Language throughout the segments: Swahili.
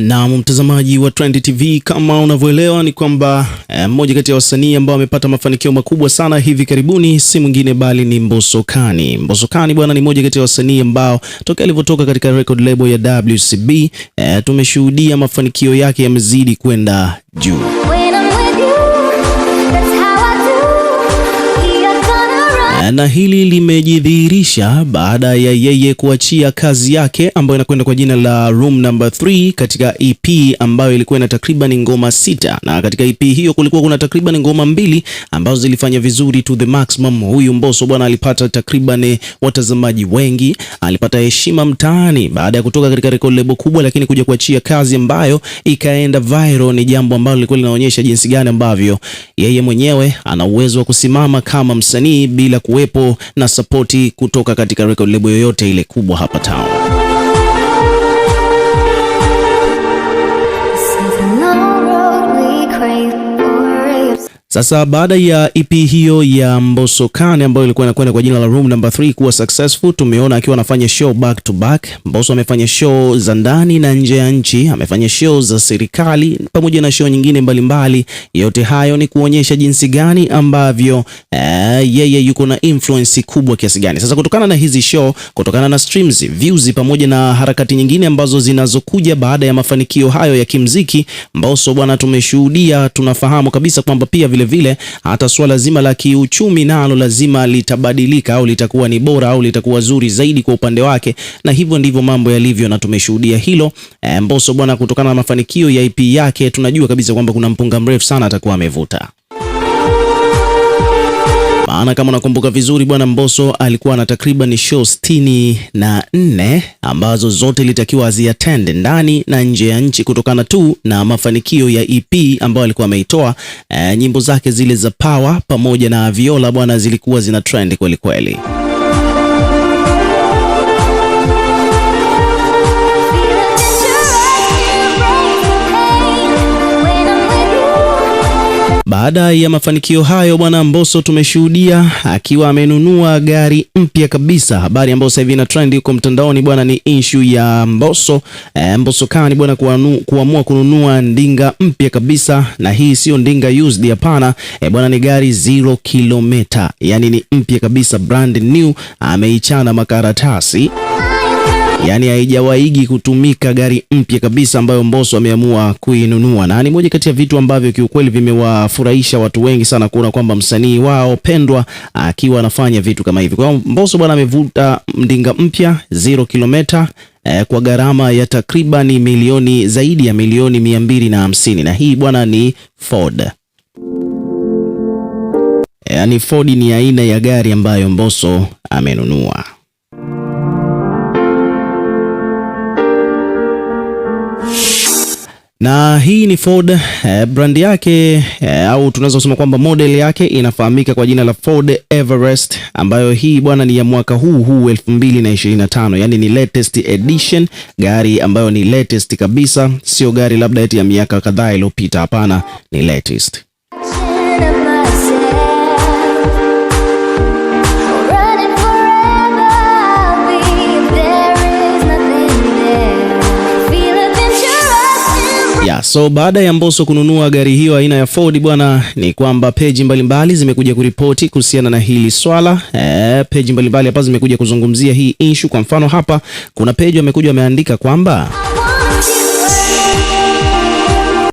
Na mtazamaji wa Trend TV, kama unavyoelewa ni kwamba eh, mmoja kati ya wasanii ambao amepata mafanikio makubwa sana hivi karibuni si mwingine bali ni Mbosso mbosokani Mbosso bwana, ni mmoja kati ya wasanii ambao toka alivyotoka katika record label ya WCB eh, tumeshuhudia mafanikio yake yamezidi kwenda juu. na hili limejidhihirisha baada ya yeye kuachia kazi yake ambayo inakwenda kwa jina la Room Number 3 katika EP ambayo ilikuwa na takriban ngoma sita, na katika EP hiyo kulikuwa kuna takriban ngoma mbili ambazo zilifanya vizuri to the maximum. Huyu Mbosso bwana alipata takriban watazamaji wengi, alipata heshima mtaani baada ya kutoka katika record label kubwa, lakini kuja kuachia kazi ambayo ikaenda viral. Ni jambo ambalo lilikuwa linaonyesha jinsi gani ambavyo yeye mwenyewe ana uwezo wa kusimama kama msanii bila kuwe kuwepo na sapoti kutoka katika record label yoyote ile kubwa hapa town. Sasa baada ya EP hiyo ya Mbosso Kane ambayo ilikuwa inakwenda kwa jina la Room Number 3 kuwa successful, tumeona akiwa anafanya show back to back. Mbosso amefanya show za ndani na nje ya nchi, amefanya show za serikali pamoja na show nyingine mbalimbali mbali. Yote hayo ni kuonyesha jinsi gani ambavyo eh, yeye yuko na influence kubwa kiasi gani. Sasa kutokana na hizi show, kutokana na streams, views pamoja na harakati nyingine ambazo zinazokuja baada ya mafanikio hayo ya kimziki, Mbosso bwana, tumeshuhudia tunafahamu kabisa kwamba pia vile, hata suala zima la kiuchumi nalo lazima litabadilika au litakuwa ni bora au litakuwa zuri zaidi kwa upande wake, na hivyo ndivyo mambo yalivyo, na tumeshuhudia hilo e, Mbosso bwana, kutokana na mafanikio ya IP yake tunajua kabisa kwamba kuna mpunga mrefu sana atakuwa amevuta. Maana kama nakumbuka vizuri, bwana Mbosso alikuwa na takriban show sitini na nne ambazo zote ilitakiwa aziatende ndani na nje ya nchi, kutokana tu na mafanikio ya EP ambayo alikuwa ameitoa. E, nyimbo zake zile za Power pamoja na Viola bwana zilikuwa zina trend kweli kweli. Baada ya mafanikio hayo, bwana Mbosso tumeshuhudia akiwa amenunua gari mpya kabisa. Habari ambayo sasa hivi ina trend huko mtandaoni bwana ni issue ya Mbosso e, Mbosso kani bwana kuamua kununua ndinga mpya kabisa, na hii sio ndinga used, hapana e, bwana ni gari zero kilometa, yani ni mpya kabisa, brand new, ameichana makaratasi yani haijawaigi kutumika gari mpya kabisa ambayo Mbosso ameamua kuinunua, na ni moja kati ya vitu ambavyo kiukweli vimewafurahisha watu wengi sana kuona kwamba msanii wao pendwa ah, akiwa anafanya vitu kama hivi. Kwa hiyo Mbosso bwana amevuta mdinga mpya zero kilometa eh, kwa gharama ya takriban milioni zaidi ya milioni mia mbili na hamsini na hii bwana ni Ford. Eh, yaani Ford ni aina ya gari ambayo Mbosso amenunua. na hii ni Ford eh, brand yake eh, au tunaweza kusema kwamba model yake inafahamika kwa jina la Ford Everest, ambayo hii bwana ni ya mwaka huu huu 2025, yani ni latest edition, gari ambayo ni latest kabisa, sio gari labda eti ya miaka kadhaa iliyopita. Hapana, ni latest so baada ya Mbosso kununua gari hiyo aina ya Ford bwana, ni kwamba peji mbalimbali zimekuja kuripoti kuhusiana na hili swala e, peji mbalimbali hapa zimekuja kuzungumzia hii issue. Kwa mfano hapa kuna peji amekuja ameandika kwamba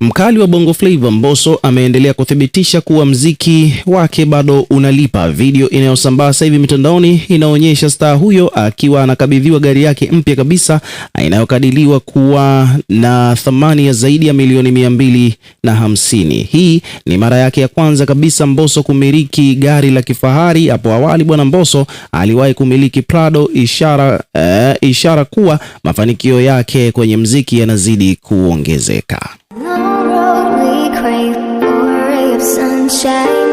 Mkali wa Bongo Flava Mbosso ameendelea kuthibitisha kuwa mziki wake bado unalipa. Video inayosambaa sasa hivi mitandaoni inaonyesha staa huyo akiwa anakabidhiwa gari yake mpya kabisa inayokadiriwa kuwa na thamani ya zaidi ya milioni mia mbili na hamsini. Hii ni mara yake ya kwanza kabisa Mbosso kumiliki gari la kifahari. Hapo awali bwana Mbosso aliwahi kumiliki Prado, ishara, eh, ishara kuwa mafanikio yake kwenye mziki yanazidi kuongezeka for a ray of sunshine.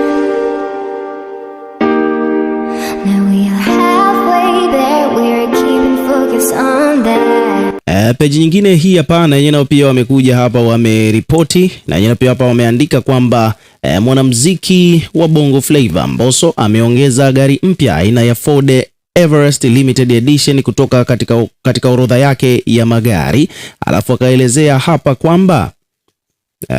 Now we are halfway there, we're keeping focus on that. Eh, peji nyingine hii hapa na yenyewe nao pia wamekuja hapa wameripoti na yenyewe pia hapa wameandika kwamba e, mwanamuziki wa Bongo Flava Mbosso ameongeza gari mpya aina ya Ford Everest Limited Edition kutoka katika, katika orodha yake ya magari alafu akaelezea hapa kwamba e,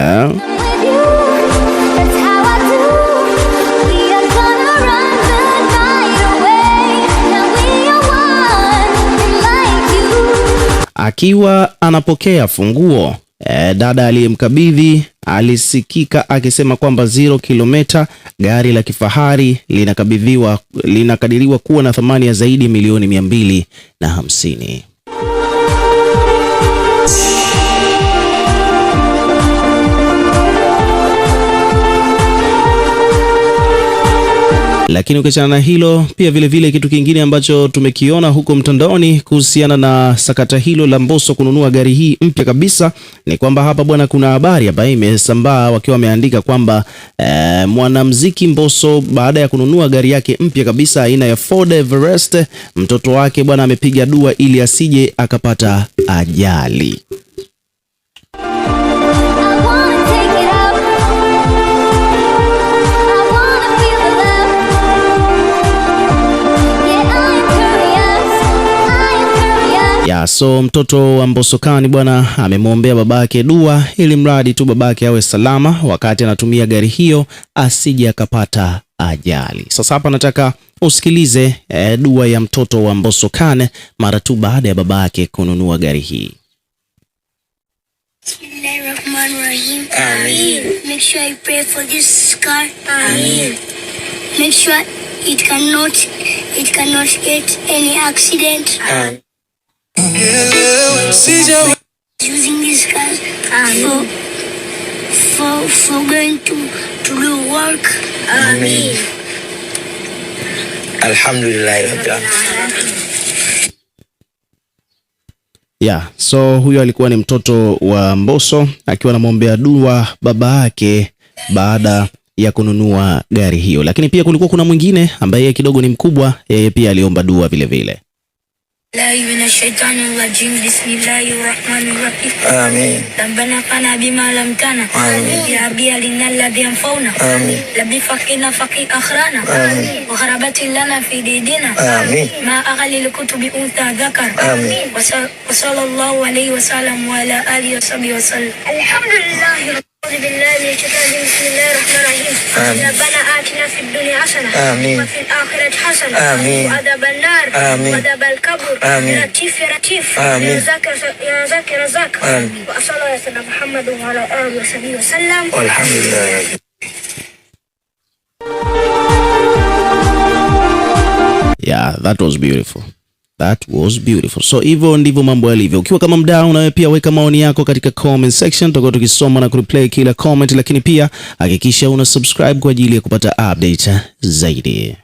Akiwa anapokea funguo e, dada aliyemkabidhi alisikika akisema kwamba zero kilometa gari la kifahari linakabidhiwa linakadiriwa kuwa na thamani ya zaidi ya milioni mia mbili na hamsini. Lakini ukiachana na hilo pia vilevile vile kitu kingine ambacho tumekiona huko mtandaoni kuhusiana na sakata hilo la Mbosso kununua gari hii mpya kabisa ni kwamba hapa bwana, kuna habari hapa imesambaa wakiwa wameandika kwamba e, mwanamuziki Mbosso baada ya kununua gari yake mpya kabisa aina ya Ford Everest, mtoto wake bwana amepiga dua ili asije akapata ajali. So mtoto wa Mbosokani bwana amemwombea babake dua, ili mradi tu babake awe salama wakati anatumia gari hiyo, asije akapata ajali. Sasa hapa nataka usikilize eh, dua ya mtoto wa Mbosokane mara tu baada ya babake kununua gari hii. Amin using uh, ah, for, for, for going to, to work. Ah, Amen. Alhamdulillah. Yeah, so huyo alikuwa ni mtoto wa Mbosso akiwa anamwombea dua baba yake baada ya kununua gari hiyo, lakini pia kulikuwa kuna mwingine ambaye kidogo ni mkubwa, yeye pia aliomba dua vile vile. الله من الشيطان الرجيم بسم الله الرحمن الرحيم آمين ربنا قنا بما لم تنا آمين يا ربي لنا الذي ينفونا آمين لبي فقينا فقي أخرانا آمين وغربت لنا في ديدنا آمين ما أغلي الكتب أنثى ذكر آمين وصلى الله عليه وسلم وعلى آله وصحبه وسلم الحمد لله ربنا آتنا في الدنيا حسنة آمين. وفي الآخرة حسنة آمين. وعذاب النار آمين. وعذاب القبر آمين. يا لطيف آمين. يا ذاك يا ذاك آمين. وصلى على سيدنا محمد وعلى آله وصحبه وسلم والحمد لله Yeah, that was beautiful. That was beautiful. So hivyo ndivyo mambo yalivyo. Ukiwa kama mdau, nawe pia weka maoni yako katika comment section, tutakuwa tukisoma na kureplay kila comment, lakini pia hakikisha una subscribe kwa ajili ya kupata update zaidi.